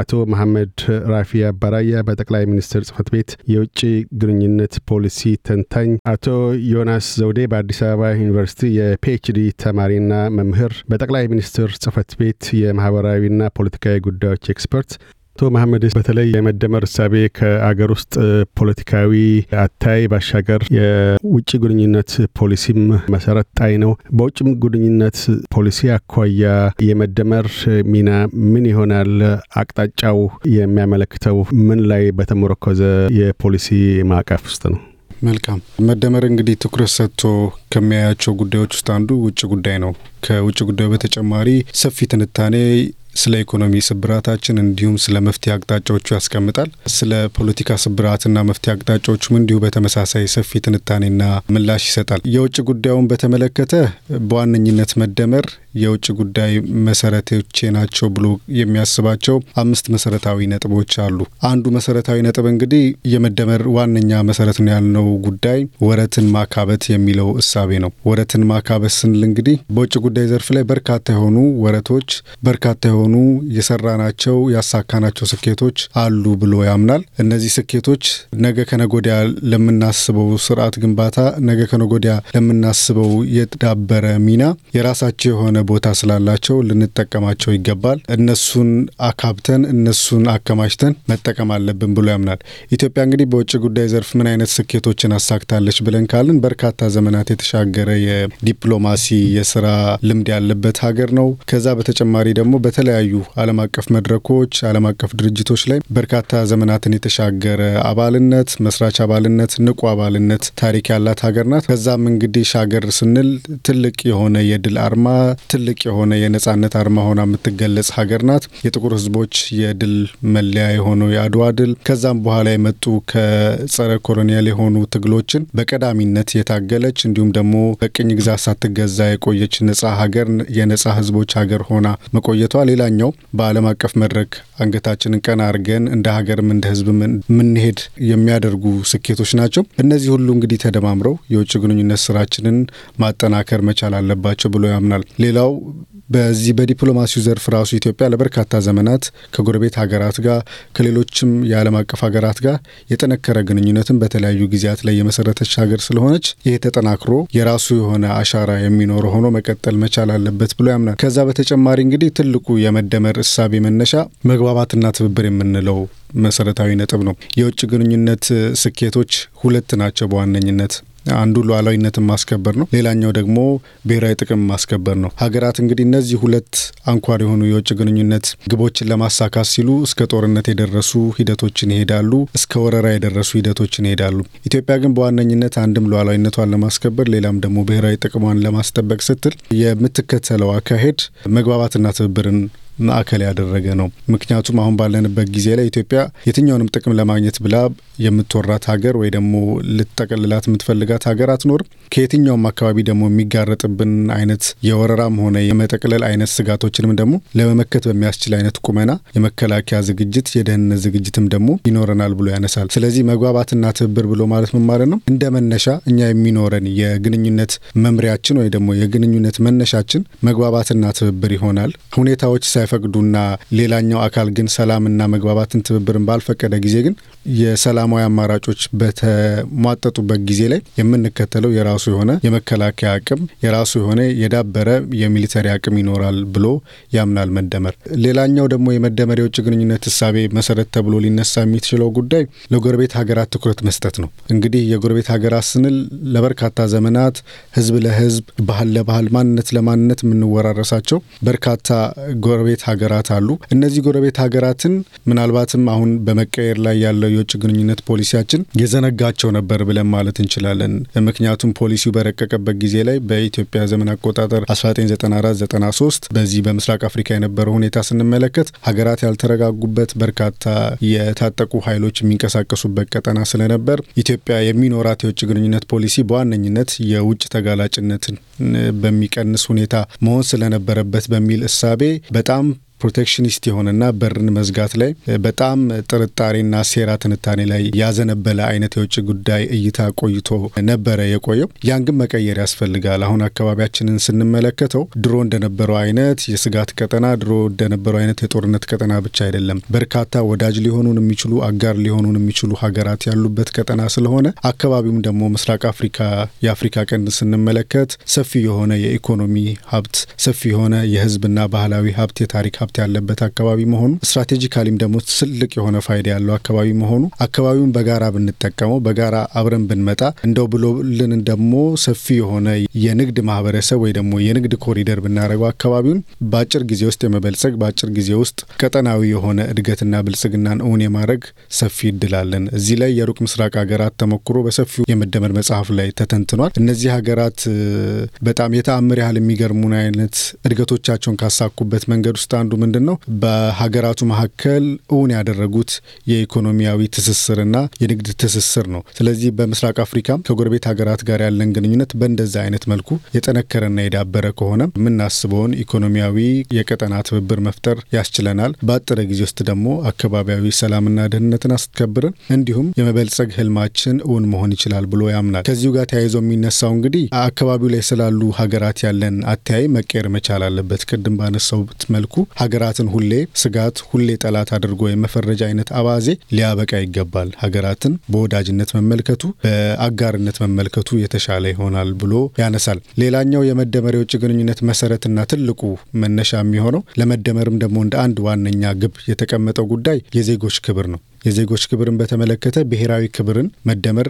አቶ መሐመድ ራፊ አባራያ በጠቅላይ ሚኒስትር ጽህፈት ቤት የውጭ ግንኙነት ፖሊሲ ተንታኝ፣ አቶ ዮናስ ዘውዴ በአዲስ አበባ ዩኒቨርሲቲ የፒኤችዲ ተማሪና መምህር፣ በጠቅላይ ሚኒስትር ጽህፈት ቤት የማህበራዊና ፖለቲካዊ ጉዳዮች ኤክስፐርት፣ አቶ መሐመድ በተለይ የመደመር እሳቤ ከአገር ውስጥ ፖለቲካዊ አታይ ባሻገር የውጭ ግንኙነት ፖሊሲም መሰረት ጣይ ነው። በውጭም ግንኙነት ፖሊሲ አኳያ የመደመር ሚና ምን ይሆናል? አቅጣጫው የሚያመለክተው ምን ላይ በተመረኮዘ የፖሊሲ ማዕቀፍ ውስጥ ነው? መልካም መደመር እንግዲህ ትኩረት ሰጥቶ ከሚያያቸው ጉዳዮች ውስጥ አንዱ ውጭ ጉዳይ ነው። ከውጭ ጉዳዩ በተጨማሪ ሰፊ ትንታኔ ስለ ኢኮኖሚ ስብራታችን እንዲሁም ስለ መፍትሄ አቅጣጫዎቹ ያስቀምጣል። ስለ ፖለቲካ ስብራትና መፍትሄ አቅጣጫዎቹም እንዲሁ በተመሳሳይ ሰፊ ትንታኔና ምላሽ ይሰጣል። የውጭ ጉዳዩን በተመለከተ በዋነኝነት መደመር የውጭ ጉዳይ መሰረቶቼ ናቸው ብሎ የሚያስባቸው አምስት መሰረታዊ ነጥቦች አሉ። አንዱ መሰረታዊ ነጥብ እንግዲህ የመደመር ዋነኛ መሰረት ነው ያልነው ጉዳይ ወረትን ማካበት የሚለው እሳቤ ነው። ወረትን ማካበት ስንል እንግዲህ በውጭ ጉዳይ ዘርፍ ላይ በርካታ የሆኑ ወረቶች፣ በርካታ የሆኑ የሰራናቸው ያሳካናቸው ስኬቶች አሉ ብሎ ያምናል። እነዚህ ስኬቶች ነገ ከነጎዲያ ለምናስበው ስርዓት ግንባታ፣ ነገ ከነጎዲያ ለምናስበው የዳበረ ሚና የራሳቸው የሆነ ቦታ ስላላቸው ልንጠቀማቸው ይገባል። እነሱን አካብተን እነሱን አከማችተን መጠቀም አለብን ብሎ ያምናል። ኢትዮጵያ እንግዲህ በውጭ ጉዳይ ዘርፍ ምን አይነት ስኬቶችን አሳክታለች ብለን ካልን በርካታ ዘመናት የተሻገረ የዲፕሎማሲ የስራ ልምድ ያለበት ሀገር ነው። ከዛ በተጨማሪ ደግሞ በተለያዩ ዓለም አቀፍ መድረኮች፣ ዓለም አቀፍ ድርጅቶች ላይ በርካታ ዘመናትን የተሻገረ አባልነት፣ መስራች አባልነት፣ ንቁ አባልነት ታሪክ ያላት ሀገር ናት። ከዛም እንግዲህ ሻገር ስንል ትልቅ የሆነ የድል አርማ ትልቅ የሆነ የነጻነት አርማ ሆና የምትገለጽ ሀገር ናት። የጥቁር ህዝቦች የድል መለያ የሆነው የአድዋ ድል ከዛም በኋላ የመጡ ከጸረ ኮሎኒያል የሆኑ ትግሎችን በቀዳሚነት የታገለች እንዲሁም ደግሞ በቅኝ ግዛት ሳትገዛ የቆየች ነጻ ሀገር የነጻ ህዝቦች ሀገር ሆና መቆየቷ ሌላኛው በዓለም አቀፍ መድረክ አንገታችንን ቀና አድርገን እንደ ሀገርም እንደ ህዝብ የምንሄድ የሚያደርጉ ስኬቶች ናቸው። እነዚህ ሁሉ እንግዲህ ተደማምረው የውጭ ግንኙነት ስራችንን ማጠናከር መቻል አለባቸው ብሎ ያምናል። ሌላው ሌላው በዚህ በዲፕሎማሲው ዘርፍ ራሱ ኢትዮጵያ ለበርካታ ዘመናት ከጎረቤት ሀገራት ጋር ከሌሎችም የዓለም አቀፍ ሀገራት ጋር የጠነከረ ግንኙነትን በተለያዩ ጊዜያት ላይ የመሰረተች ሀገር ስለሆነች ይሄ ተጠናክሮ የራሱ የሆነ አሻራ የሚኖር ሆኖ መቀጠል መቻል አለበት ብሎ ያምናል። ከዛ በተጨማሪ እንግዲህ ትልቁ የመደመር እሳቤ መነሻ መግባባትና ትብብር የምንለው መሰረታዊ ነጥብ ነው። የውጭ ግንኙነት ስኬቶች ሁለት ናቸው በዋነኝነት አንዱ ሉዓላዊነትን ማስከበር ነው፣ ሌላኛው ደግሞ ብሔራዊ ጥቅም ማስከበር ነው። ሀገራት እንግዲህ እነዚህ ሁለት አንኳር የሆኑ የውጭ ግንኙነት ግቦችን ለማሳካት ሲሉ እስከ ጦርነት የደረሱ ሂደቶችን ይሄዳሉ፣ እስከ ወረራ የደረሱ ሂደቶችን ይሄዳሉ። ኢትዮጵያ ግን በዋነኝነት አንድም ሉዓላዊነቷን ለማስከበር ሌላም ደግሞ ብሔራዊ ጥቅሟን ለማስጠበቅ ስትል የምትከተለው አካሄድ መግባባትና ትብብርን ማዕከል ያደረገ ነው። ምክንያቱም አሁን ባለንበት ጊዜ ላይ ኢትዮጵያ የትኛውንም ጥቅም ለማግኘት ብላ የምትወራት ሀገር ወይ ደግሞ ልትጠቀልላት የምትፈልጋት ሀገር አትኖርም። ከየትኛውም አካባቢ ደግሞ የሚጋረጥብን አይነት የወረራም ሆነ የመጠቅለል አይነት ስጋቶችንም ደግሞ ለመመከት በሚያስችል አይነት ቁመና የመከላከያ ዝግጅት፣ የደህንነት ዝግጅትም ደግሞ ይኖረናል ብሎ ያነሳል። ስለዚህ መግባባትና ትብብር ብሎ ማለት ምን ማለት ነው? እንደ መነሻ እኛ የሚኖረን የግንኙነት መምሪያችን ወይ ደግሞ የግንኙነት መነሻችን መግባባትና ትብብር ይሆናል ሁኔታዎች ሳይ ሳይፈቅዱና ሌላኛው አካል ግን ሰላምና መግባባትን ትብብርን ባልፈቀደ ጊዜ ግን የሰላማዊ አማራጮች በተሟጠጡበት ጊዜ ላይ የምንከተለው የራሱ የሆነ የመከላከያ አቅም የራሱ የሆነ የዳበረ የሚሊተሪ አቅም ይኖራል ብሎ ያምናል መደመር። ሌላኛው ደግሞ የመደመር የውጭ ግንኙነት እሳቤ መሰረት ተብሎ ሊነሳ የሚችለው ጉዳይ ለጎረቤት ሀገራት ትኩረት መስጠት ነው። እንግዲህ የጎረቤት ሀገራት ስንል ለበርካታ ዘመናት ህዝብ ለህዝብ፣ ባህል ለባህል፣ ማንነት ለማንነት የምንወራረሳቸው በርካታ ጎረቤት ጎረቤት ሀገራት አሉ። እነዚህ ጎረቤት ሀገራትን ምናልባትም አሁን በመቀየር ላይ ያለው የውጭ ግንኙነት ፖሊሲያችን የዘነጋቸው ነበር ብለን ማለት እንችላለን። ምክንያቱም ፖሊሲው በረቀቀበት ጊዜ ላይ በኢትዮጵያ ዘመን አቆጣጠር 1994/93 በዚህ በምስራቅ አፍሪካ የነበረው ሁኔታ ስንመለከት ሀገራት ያልተረጋጉበት በርካታ የታጠቁ ኃይሎች የሚንቀሳቀሱበት ቀጠና ስለነበር ኢትዮጵያ የሚኖራት የውጭ ግንኙነት ፖሊሲ በዋነኝነት የውጭ ተጋላጭነትን በሚቀንስ ሁኔታ መሆን ስለነበረበት በሚል እሳቤ በጣም ፕሮቴክሽኒስት የሆነና በርን መዝጋት ላይ በጣም ጥርጣሬና ሴራ ትንታኔ ላይ ያዘነበለ አይነት የውጭ ጉዳይ እይታ ቆይቶ ነበረ የቆየው። ያን ግን መቀየር ያስፈልጋል። አሁን አካባቢያችንን ስንመለከተው ድሮ እንደነበረው አይነት የስጋት ቀጠና፣ ድሮ እንደነበረው አይነት የጦርነት ቀጠና ብቻ አይደለም። በርካታ ወዳጅ ሊሆኑን የሚችሉ አጋር ሊሆኑን የሚችሉ ሀገራት ያሉበት ቀጠና ስለሆነ አካባቢውም ደግሞ ምስራቅ አፍሪካ የአፍሪካ ቀንድ ስንመለከት ሰፊ የሆነ የኢኮኖሚ ሀብት፣ ሰፊ የሆነ የህዝብና ባህላዊ ሀብት፣ የታሪክ ሀብት ያለበት አካባቢ መሆኑ ስትራቴጂካሊም ደግሞ ትልቅ የሆነ ፋይዳ ያለው አካባቢ መሆኑ አካባቢውን በጋራ ብንጠቀመው በጋራ አብረን ብንመጣ እንደው ብሎልን ደግሞ ሰፊ የሆነ የንግድ ማህበረሰብ ወይ ደግሞ የንግድ ኮሪደር ብናደርገው አካባቢውን በአጭር ጊዜ ውስጥ የመበልጸግ በአጭር ጊዜ ውስጥ ቀጠናዊ የሆነ እድገትና ብልጽግናን እውን የማድረግ ሰፊ እድል እዚህ ላይ የሩቅ ምስራቅ ሀገራት ተሞክሮ በሰፊው የመደመር መጽሐፍ ላይ ተተንትኗል። እነዚህ ሀገራት በጣም የተአምር ያህል የሚገርሙን አይነት እድገቶቻቸውን ካሳኩበት መንገድ ውስጥ አንዱ ምንድን ነው በሀገራቱ መካከል እውን ያደረጉት የኢኮኖሚያዊ ትስስርና የንግድ ትስስር ነው። ስለዚህ በምስራቅ አፍሪካም ከጎረቤት ሀገራት ጋር ያለን ግንኙነት በእንደዚህ አይነት መልኩ የጠነከረና የዳበረ ከሆነ የምናስበውን ኢኮኖሚያዊ የቀጠና ትብብር መፍጠር ያስችለናል። በአጭር ጊዜ ውስጥ ደግሞ አካባቢያዊ ሰላምና ደህንነትን አስከብርን እንዲሁም የመበልጸግ ህልማችን እውን መሆን ይችላል ብሎ ያምናል። ከዚሁ ጋር ተያይዞ የሚነሳው እንግዲህ አካባቢው ላይ ስላሉ ሀገራት ያለን አተያይ መቀየር መቻል አለበት። ቅድም ባነሳውት መልኩ ሀገራትን ሁሌ ስጋት፣ ሁሌ ጠላት አድርጎ የመፈረጅ አይነት አባዜ ሊያበቃ ይገባል። ሀገራትን በወዳጅነት መመልከቱ፣ በአጋርነት መመልከቱ የተሻለ ይሆናል ብሎ ያነሳል። ሌላኛው የመደመር የውጭ ግንኙነት መሰረትና ትልቁ መነሻ የሚሆነው ለመደመርም ደግሞ እንደ አንድ ዋነኛ ግብ የተቀመጠው ጉዳይ የዜጎች ክብር ነው። የዜጎች ክብርን በተመለከተ ብሔራዊ ክብርን መደመር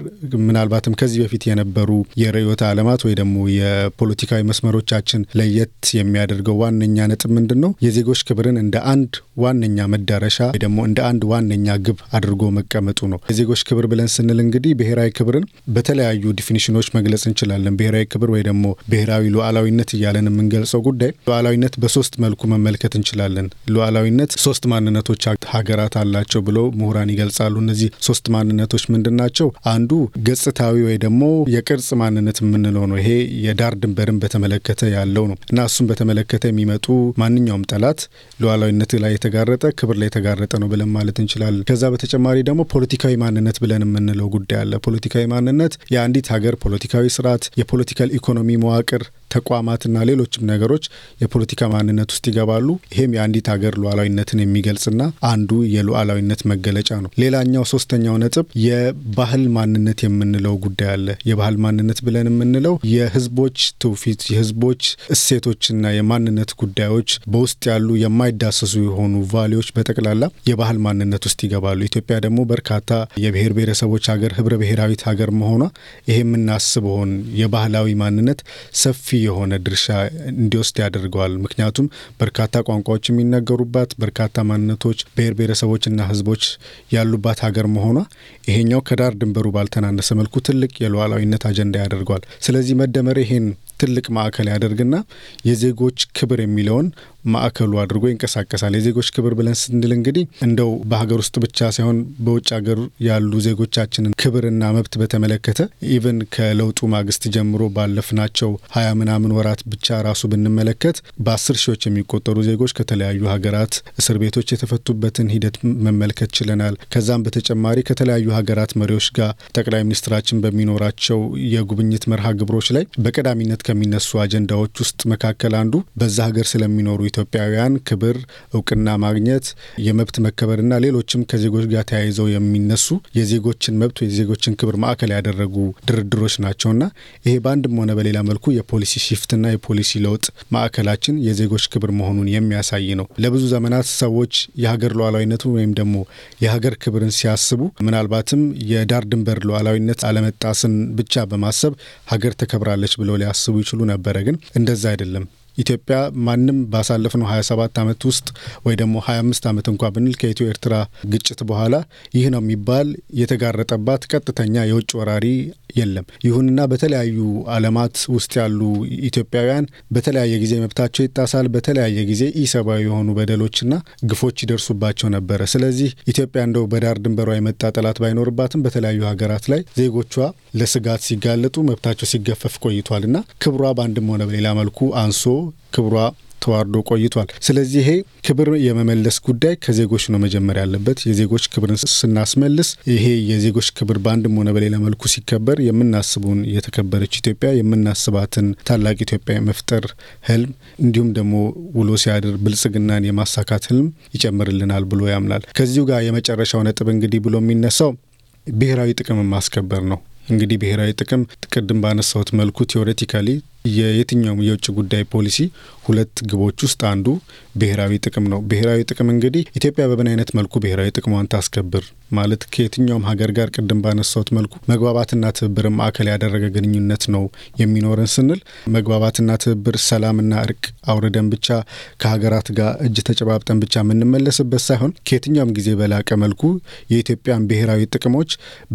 ምናልባትም ከዚህ በፊት የነበሩ የርዕዮተ ዓለማት ወይ ደግሞ የፖለቲካዊ መስመሮቻችን ለየት የሚያደርገው ዋነኛ ነጥብ ምንድን ነው? የዜጎች ክብርን እንደ አንድ ዋነኛ መዳረሻ ወይ ደግሞ እንደ አንድ ዋነኛ ግብ አድርጎ መቀመጡ ነው። የዜጎች ክብር ብለን ስንል እንግዲህ ብሔራዊ ክብርን በተለያዩ ዲፊኒሽኖች መግለጽ እንችላለን። ብሔራዊ ክብር ወይ ደግሞ ብሔራዊ ሉዓላዊነት እያለን የምንገልጸው ጉዳይ ሉዓላዊነት በሶስት መልኩ መመልከት እንችላለን። ሉዓላዊነት ሶስት ማንነቶች ሀገራት አላቸው ብሎ ምሁራን መምህራን ይገልጻሉ። እነዚህ ሶስት ማንነቶች ምንድን ናቸው? አንዱ ገጽታዊ ወይ ደግሞ የቅርጽ ማንነት የምንለው ነው። ይሄ የዳር ድንበርን በተመለከተ ያለው ነው እና እሱን በተመለከተ የሚመጡ ማንኛውም ጠላት ሉዓላዊነት ላይ የተጋረጠ ክብር ላይ የተጋረጠ ነው ብለን ማለት እንችላለን። ከዛ በተጨማሪ ደግሞ ፖለቲካዊ ማንነት ብለን የምንለው ጉዳይ አለ። ፖለቲካዊ ማንነት የአንዲት ሀገር ፖለቲካዊ ስርዓት፣ የፖለቲካል ኢኮኖሚ መዋቅር ተቋማትና ሌሎችም ነገሮች የፖለቲካ ማንነት ውስጥ ይገባሉ። ይሄም የአንዲት ሀገር ሉዓላዊነትን የሚገልጽና አንዱ የሉዓላዊነት መገለጫ ነው። ሌላኛው ሶስተኛው ነጥብ የባህል ማንነት የምንለው ጉዳይ አለ። የባህል ማንነት ብለን የምንለው የህዝቦች ትውፊት፣ የህዝቦች እሴቶችና የማንነት ጉዳዮች በውስጥ ያሉ የማይዳሰሱ የሆኑ ቫሌዎች በጠቅላላ የባህል ማንነት ውስጥ ይገባሉ። ኢትዮጵያ ደግሞ በርካታ የብሔር ብሔረሰቦች ሀገር፣ ህብረ ብሔራዊት ሀገር መሆኗ ይሄ የምናስበውን የባህላዊ ማንነት ሰፊ የሆነ ድርሻ እንዲወስድ ያደርገዋል። ምክንያቱም በርካታ ቋንቋዎች የሚነገሩባት በርካታ ማንነቶች፣ ብሔር ብሔረሰቦችና ህዝቦች ያሉባት ሀገር መሆኗ ይሄኛው ከዳር ድንበሩ ባልተናነሰ መልኩ ትልቅ የሉዓላዊነት አጀንዳ ያደርገዋል። ስለዚህ መደመር ይሄን ትልቅ ማዕከል ያደርግና የዜጎች ክብር የሚለውን ማዕከሉ አድርጎ ይንቀሳቀሳል። የዜጎች ክብር ብለን ስንል እንግዲህ እንደው በሀገር ውስጥ ብቻ ሳይሆን በውጭ ሀገር ያሉ ዜጎቻችንን ክብርና መብት በተመለከተ ኢቨን ከለውጡ ማግስት ጀምሮ ባለፍናቸው ሀያ ምናምን ወራት ብቻ ራሱ ብንመለከት በአስር ሺዎች የሚቆጠሩ ዜጎች ከተለያዩ ሀገራት እስር ቤቶች የተፈቱበትን ሂደት መመልከት ችለናል። ከዛም በተጨማሪ ከተለያዩ ሀገራት መሪዎች ጋር ጠቅላይ ሚኒስትራችን በሚኖራቸው የጉብኝት መርሃ ግብሮች ላይ በቀዳሚነት ከሚነሱ አጀንዳዎች ውስጥ መካከል አንዱ በዛ ሀገር ስለሚኖሩ ኢትዮጵያውያን ክብር፣ እውቅና ማግኘት፣ የመብት መከበርና ሌሎችም ከዜጎች ጋር ተያይዘው የሚነሱ የዜጎችን መብት፣ የዜጎችን ክብር ማዕከል ያደረጉ ድርድሮች ናቸውና ይሄ በአንድም ሆነ በሌላ መልኩ የፖሊሲ ሽፍትና የፖሊሲ ለውጥ ማዕከላችን የዜጎች ክብር መሆኑን የሚያሳይ ነው። ለብዙ ዘመናት ሰዎች የሀገር ሉዓላዊነቱ ወይም ደግሞ የሀገር ክብርን ሲያስቡ ምናልባትም የዳር ድንበር ሉዓላዊነት አለመጣስን ብቻ በማሰብ ሀገር ተከብራለች ብለው ሊያስቡ ይችሉ ነበረ። ግን እንደዛ አይደለም። ኢትዮጵያ ማንም ባሳለፍነው 27 ዓመት ውስጥ ወይ ደግሞ 25 ዓመት እንኳ ብንል ከኢትዮ ኤርትራ ግጭት በኋላ ይህ ነው የሚባል የተጋረጠባት ቀጥተኛ የውጭ ወራሪ የለም። ይሁንና በተለያዩ ዓለማት ውስጥ ያሉ ኢትዮጵያውያን በተለያየ ጊዜ መብታቸው ይጣሳል፣ በተለያየ ጊዜ ኢሰብአዊ የሆኑ በደሎችና ግፎች ይደርሱባቸው ነበረ። ስለዚህ ኢትዮጵያ እንደው በዳር ድንበሯ የመጣ ጠላት ባይኖርባትም በተለያዩ ሀገራት ላይ ዜጎቿ ለስጋት ሲጋለጡ መብታቸው ሲገፈፍ ቆይቷልና ክብሯ በአንድም ሆነ በሌላ መልኩ አንሶ ክብሯ ተዋርዶ ቆይቷል። ስለዚህ ይሄ ክብር የመመለስ ጉዳይ ከዜጎች ነው መጀመር ያለበት። የዜጎች ክብርን ስናስመልስ ይሄ የዜጎች ክብር በአንድም ሆነ በሌላ መልኩ ሲከበር የምናስቡን የተከበረች ኢትዮጵያ የምናስባትን ታላቅ ኢትዮጵያ የመፍጠር ህልም እንዲሁም ደግሞ ውሎ ሲያድር ብልጽግናን የማሳካት ህልም ይጨምርልናል ብሎ ያምናል። ከዚሁ ጋር የመጨረሻው ነጥብ እንግዲህ ብሎ የሚነሳው ብሔራዊ ጥቅምን ማስከበር ነው። እንግዲህ ብሔራዊ ጥቅም ቅድም ባነሳሁት መልኩ ቴዎሬቲካሊ የየትኛውም የውጭ ጉዳይ ፖሊሲ ሁለት ግቦች ውስጥ አንዱ ብሔራዊ ጥቅም ነው። ብሔራዊ ጥቅም እንግዲህ ኢትዮጵያ በምን አይነት መልኩ ብሔራዊ ጥቅሟን ታስከብር ማለት ከየትኛውም ሀገር ጋር ቅድም ባነሳሁት መልኩ መግባባትና ትብብር ማዕከል ያደረገ ግንኙነት ነው የሚኖረን ስንል መግባባትና ትብብር ሰላምና እርቅ አውርደን ብቻ ከሀገራት ጋር እጅ ተጨባብጠን ብቻ የምንመለስበት ሳይሆን ከየትኛውም ጊዜ በላቀ መልኩ የኢትዮጵያን ብሔራዊ ጥቅሞች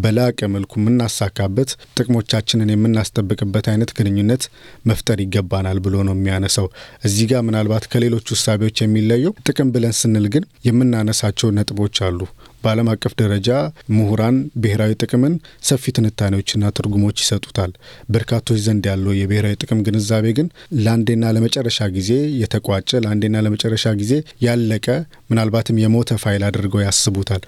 በላቀ መልኩ የምናሳካበት ጥቅሞቻችንን የምናስጠብቅበት አይነት ግንኙነት መፍጠር ይገባናል ብሎ ነው የሚያነሳው። እዚህ ጋር ምናልባት ከሌሎች ውሳቤዎች የሚለየው ጥቅም ብለን ስንል ግን የምናነሳቸው ነጥቦች አሉ። በዓለም አቀፍ ደረጃ ምሁራን ብሔራዊ ጥቅምን ሰፊ ትንታኔዎችና ትርጉሞች ይሰጡታል። በርካቶች ዘንድ ያለው የብሔራዊ ጥቅም ግንዛቤ ግን ለአንዴና ለመጨረሻ ጊዜ የተቋጨ፣ ለአንዴና ለመጨረሻ ጊዜ ያለቀ፣ ምናልባትም የሞተ ፋይል አድርገው ያስቡታል።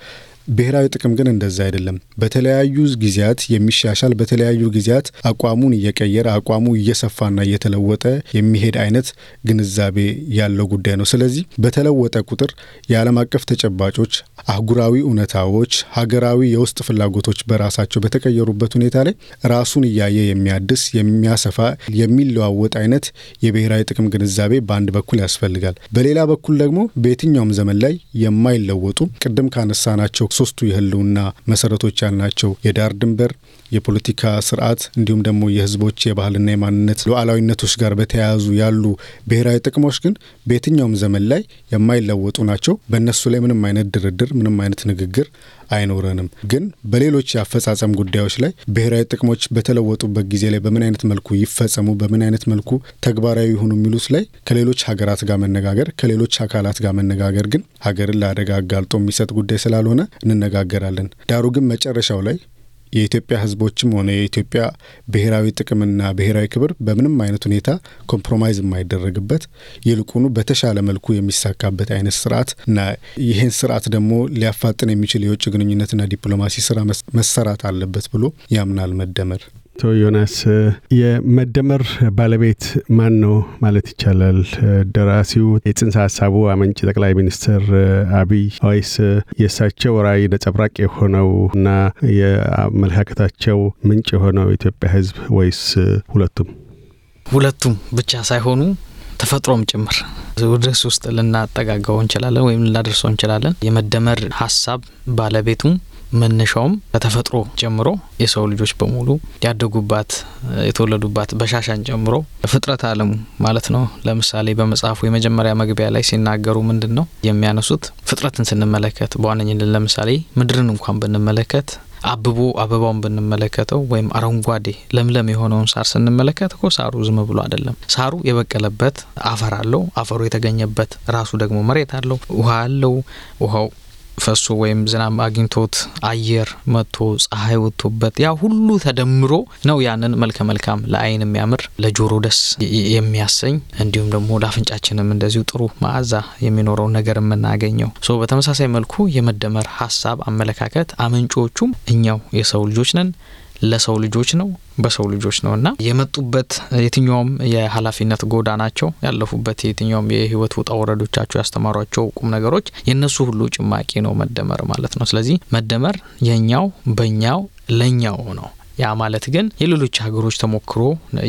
ብሔራዊ ጥቅም ግን እንደዛ አይደለም። በተለያዩ ጊዜያት የሚሻሻል በተለያዩ ጊዜያት አቋሙን እየቀየረ አቋሙ እየሰፋና እየተለወጠ የሚሄድ አይነት ግንዛቤ ያለው ጉዳይ ነው። ስለዚህ በተለወጠ ቁጥር የዓለም አቀፍ ተጨባጮች፣ አህጉራዊ እውነታዎች፣ ሀገራዊ የውስጥ ፍላጎቶች በራሳቸው በተቀየሩበት ሁኔታ ላይ ራሱን እያየ የሚያድስ የሚያሰፋ፣ የሚለዋወጥ አይነት የብሔራዊ ጥቅም ግንዛቤ በአንድ በኩል ያስፈልጋል። በሌላ በኩል ደግሞ በየትኛውም ዘመን ላይ የማይለወጡ ቅድም ካነሳ ናቸው? ሶስቱ የህልውና መሰረቶች ያልናቸው የዳር ድንበር፣ የፖለቲካ ስርዓት እንዲሁም ደግሞ የህዝቦች የባህልና የማንነት ሉዓላዊነቶች ጋር በተያያዙ ያሉ ብሔራዊ ጥቅሞች ግን በየትኛውም ዘመን ላይ የማይለወጡ ናቸው። በእነሱ ላይ ምንም አይነት ድርድር፣ ምንም አይነት ንግግር አይኖረንም። ግን በሌሎች የአፈጻጸም ጉዳዮች ላይ ብሔራዊ ጥቅሞች በተለወጡበት ጊዜ ላይ በምን አይነት መልኩ ይፈጸሙ፣ በምን አይነት መልኩ ተግባራዊ ይሁኑ የሚሉት ላይ ከሌሎች ሀገራት ጋር መነጋገር፣ ከሌሎች አካላት ጋር መነጋገር ግን ሀገርን ለአደጋ አጋልጦ የሚሰጥ ጉዳይ ስላልሆነ እንነጋገራለን። ዳሩ ግን መጨረሻው ላይ የኢትዮጵያ ህዝቦችም ሆነ የኢትዮጵያ ብሔራዊ ጥቅምና ብሔራዊ ክብር በምንም አይነት ሁኔታ ኮምፕሮማይዝ የማይደረግበት ይልቁኑ በተሻለ መልኩ የሚሳካበት አይነት ስርዓት እና ይህን ስርዓት ደግሞ ሊያፋጥን የሚችል የውጭ ግንኙነትና ዲፕሎማሲ ስራ መሰራት አለበት ብሎ ያምናል መደመር አቶ ዮናስ የመደመር ባለቤት ማን ነው ማለት ይቻላል? ደራሲው የጽንሰ ሀሳቡ አመንጭ ጠቅላይ ሚኒስትር አብይ ወይስ የእሳቸው ራዕይ ነጸብራቅ የሆነው እና የአመለካከታቸው ምንጭ የሆነው የኢትዮጵያ ሕዝብ ወይስ ሁለቱም? ሁለቱም ብቻ ሳይሆኑ ተፈጥሮም ጭምር ወደ ሱ ውስጥ ልናጠጋገው እንችላለን ወይም ልናደርሰው እንችላለን። የመደመር ሀሳብ ባለቤቱም መነሻውም ከተፈጥሮ ጀምሮ የሰው ልጆች በሙሉ ያደጉባት የተወለዱባት በሻሻን ጨምሮ ፍጥረት ዓለሙ ማለት ነው። ለምሳሌ በመጽሐፉ የመጀመሪያ መግቢያ ላይ ሲናገሩ ምንድን ነው የሚያነሱት? ፍጥረትን ስንመለከት በዋነኝነት ለምሳሌ ምድርን እንኳን ብንመለከት አብቦ አበባውን ብንመለከተው ወይም አረንጓዴ ለምለም የሆነውን ሳር ስንመለከት እኮ ሳሩ ዝም ብሎ አይደለም። ሳሩ የበቀለበት አፈር አለው። አፈሩ የተገኘበት ራሱ ደግሞ መሬት አለው፣ ውሃ አለው። ውሃው ፈሶ ወይም ዝናብ አግኝቶት አየር መጥቶ ፀሐይ ወጥቶበት ያ ሁሉ ተደምሮ ነው ያንን መልከ መልካም ለአይን የሚያምር ለጆሮ ደስ የሚያሰኝ እንዲሁም ደግሞ ለአፍንጫችንም እንደዚሁ ጥሩ መዓዛ የሚኖረው ነገር የምናገኘው ሶ በተመሳሳይ መልኩ የመደመር ሀሳብ አመለካከት አመንጮቹም እኛው የሰው ልጆች ነን። ለሰው ልጆች ነው፣ በሰው ልጆች ነው እና የመጡበት የትኛውም የኃላፊነት ጎዳናቸው ያለፉበት የትኛውም የህይወት ውጣ ወረዶቻቸው ያስተማሯቸው ቁም ነገሮች የእነሱ ሁሉ ጭማቂ ነው መደመር ማለት ነው። ስለዚህ መደመር የኛው በኛው ለኛው ነው። ያ ማለት ግን የሌሎች ሀገሮች ተሞክሮ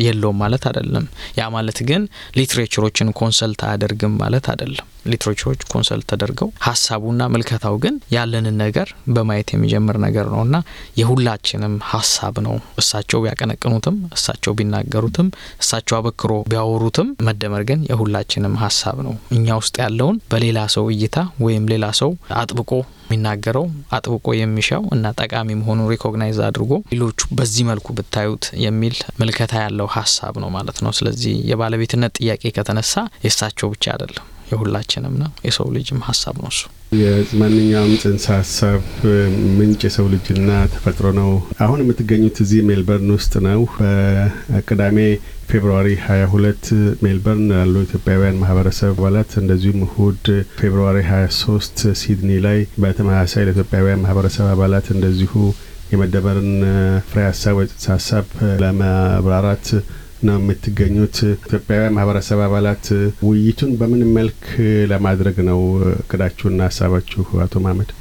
የለውም ማለት አይደለም። ያ ማለት ግን ሊትሬቸሮችን ኮንሰልት አያደርግም ማለት አይደለም። ሊትሬቸሮች ኮንሰልት ተደርገው ሀሳቡና ምልከታው ግን ያለንን ነገር በማየት የሚጀምር ነገር ነውና የሁላችንም ሀሳብ ነው። እሳቸው ቢያቀነቅኑትም፣ እሳቸው ቢናገሩትም፣ እሳቸው አበክሮ ቢያወሩትም መደመር ግን የሁላችንም ሀሳብ ነው። እኛ ውስጥ ያለውን በሌላ ሰው እይታ ወይም ሌላ ሰው አጥብቆ የሚናገረው አጥብቆ የሚሻው እና ጠቃሚ መሆኑን ሪኮግናይዝ አድርጎ ሌሎቹ በዚህ መልኩ ብታዩት የሚል ምልከታ ያለው ሀሳብ ነው ማለት ነው። ስለዚህ የባለቤትነት ጥያቄ ከተነሳ የእሳቸው ብቻ አይደለም የሁላችንም ነው። የሰው ልጅም ሀሳብ ነው። እሱ የማንኛውም ጽንሰ ሀሳብ ምንጭ የሰው ልጅና ተፈጥሮ ነው። አሁን የምትገኙት እዚህ ሜልበርን ውስጥ ነው። በቅዳሜ ፌብርዋሪ 22 ሜልበርን ላሉ ኢትዮጵያውያን ማህበረሰብ አባላት እንደዚሁም እሁድ ፌብርዋሪ 23 ሲድኒ ላይ በተመሳሳይ ለኢትዮጵያውያን ማህበረሰብ አባላት እንደዚሁ የመደመርን ፍሬ ሀሳብ ወይ ጽንሰ ሀሳብ ለመብራራት ነው የምትገኙት። ኢትዮጵያውያን ማህበረሰብ አባላት ውይይቱን በምን መልክ ለማድረግ ነው እቅዳችሁና ሀሳባችሁ? አቶ ማመድ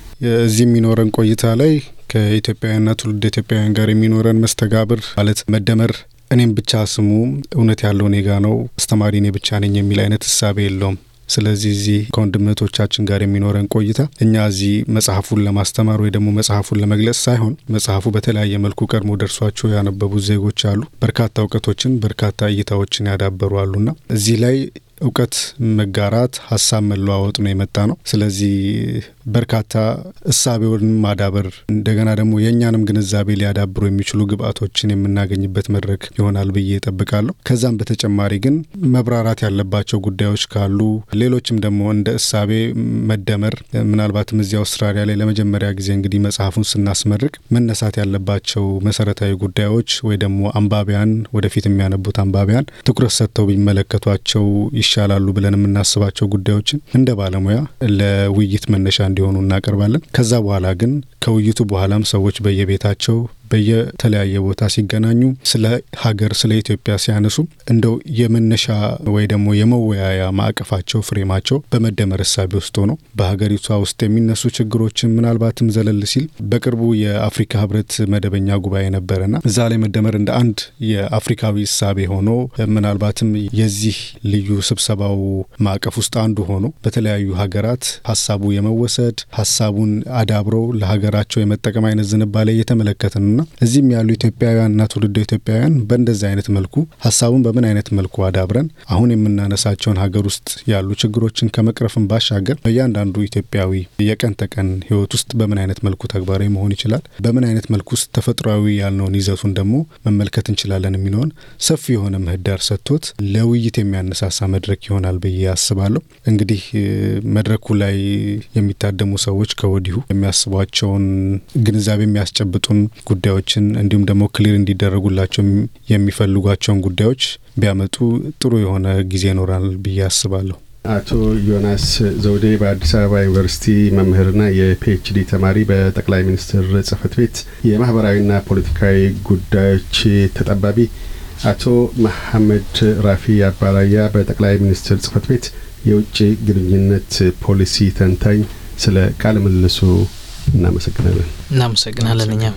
እዚህ የሚኖረን ቆይታ ላይ ከኢትዮጵያውያንና ትውልድ ኢትዮጵያውያን ጋር የሚኖረን መስተጋብር ማለት መደመር እኔም ብቻ ስሙ እውነት ያለው እኔ ጋ ነው አስተማሪ እኔ ብቻ ነኝ የሚል አይነት እሳቤ የለውም። ስለዚህ እዚህ ከወንድምቶቻችን ጋር የሚኖረን ቆይታ እኛ እዚህ መጽሐፉን ለማስተማር ወይ ደግሞ መጽሐፉን ለመግለጽ ሳይሆን መጽሐፉ በተለያየ መልኩ ቀድሞ ደርሷቸው ያነበቡ ዜጎች አሉ። በርካታ እውቀቶችን በርካታ እይታዎችን ያዳበሩ አሉና እዚህ ላይ እውቀት መጋራት፣ ሀሳብ መለዋወጥ ነው የመጣ ነው። ስለዚህ በርካታ እሳቤውን ማዳበር እንደገና ደግሞ የእኛንም ግንዛቤ ሊያዳብሩ የሚችሉ ግብአቶችን የምናገኝበት መድረክ ይሆናል ብዬ እጠብቃለሁ። ከዛም በተጨማሪ ግን መብራራት ያለባቸው ጉዳዮች ካሉ ሌሎችም ደግሞ እንደ እሳቤ መደመር ምናልባትም እዚህ አውስትራሊያ ላይ ለመጀመሪያ ጊዜ እንግዲህ መጽሐፉን ስናስመርቅ መነሳት ያለባቸው መሰረታዊ ጉዳዮች ወይ ደግሞ አንባቢያን ወደፊት የሚያነቡት አንባቢያን ትኩረት ሰጥተው ቢመለከቷቸው ይሻላሉ ብለን የምናስባቸው ጉዳዮችን እንደ ባለሙያ ለውይይት መነሻ እንዲሆኑ እናቀርባለን። ከዛ በኋላ ግን ከውይይቱ በኋላም ሰዎች በየቤታቸው በየተለያየ ቦታ ሲገናኙ ስለ ሀገር ስለ ኢትዮጵያ ሲያነሱ እንደው የመነሻ ወይ ደግሞ የመወያያ ማዕቀፋቸው ፍሬማቸው በመደመር እሳቤ ውስጥ ሆኖ በሀገሪቷ ውስጥ የሚነሱ ችግሮችን ምናልባትም ዘለል ሲል በቅርቡ የአፍሪካ ህብረት መደበኛ ጉባኤ ነበረና እዛ ላይ መደመር እንደ አንድ የአፍሪካዊ እሳቤ ሆኖ ምናልባትም የዚህ ልዩ ስብሰባው ማዕቀፍ ውስጥ አንዱ ሆኖ በተለያዩ ሀገራት ሀሳቡ የመወሰድ ሀሳቡን አዳብረው ለሀገራቸው የመጠቀም አይነት ዝንባሌ እየተመለከትን ነውና እዚህም ያሉ ኢትዮጵያውያንና ትውልደ ኢትዮጵያውያን በእንደዚህ አይነት መልኩ ሀሳቡን በምን አይነት መልኩ አዳብረን አሁን የምናነሳቸውን ሀገር ውስጥ ያሉ ችግሮችን ከመቅረፍን ባሻገር በእያንዳንዱ ኢትዮጵያዊ የቀን ተቀን ህይወት ውስጥ በምን አይነት መልኩ ተግባራዊ መሆን ይችላል፣ በምን አይነት መልኩ ውስጥ ተፈጥሯዊ ያልነውን ይዘቱን ደግሞ መመልከት እንችላለን የሚለውን ሰፊ የሆነ ምህዳር ሰጥቶት ለውይይት የሚያነሳሳ መድረክ ይሆናል ብዬ አስባለሁ። እንግዲህ መድረኩ ላይ የሚታደሙ ሰዎች ከወዲሁ የሚያስቧቸውን ግንዛቤ የሚያስጨብጡን ጉዳ ጉዳዮችን እንዲሁም ደግሞ ክሊር እንዲደረጉላቸው የሚፈልጓቸውን ጉዳዮች ቢያመጡ ጥሩ የሆነ ጊዜ ይኖራል ብዬ አስባለሁ። አቶ ዮናስ ዘውዴ በአዲስ አበባ ዩኒቨርሲቲ መምህርና የፒኤችዲ ተማሪ በጠቅላይ ሚኒስትር ጽህፈት ቤት የማህበራዊና ፖለቲካዊ ጉዳዮች ተጠባቢ፣ አቶ መሐመድ ራፊ አባላያ በጠቅላይ ሚኒስትር ጽህፈት ቤት የውጭ ግንኙነት ፖሊሲ ተንታኝ፣ ስለ ቃለ ምልልሱ እናመሰግናለን። እናመሰግናለን እኛም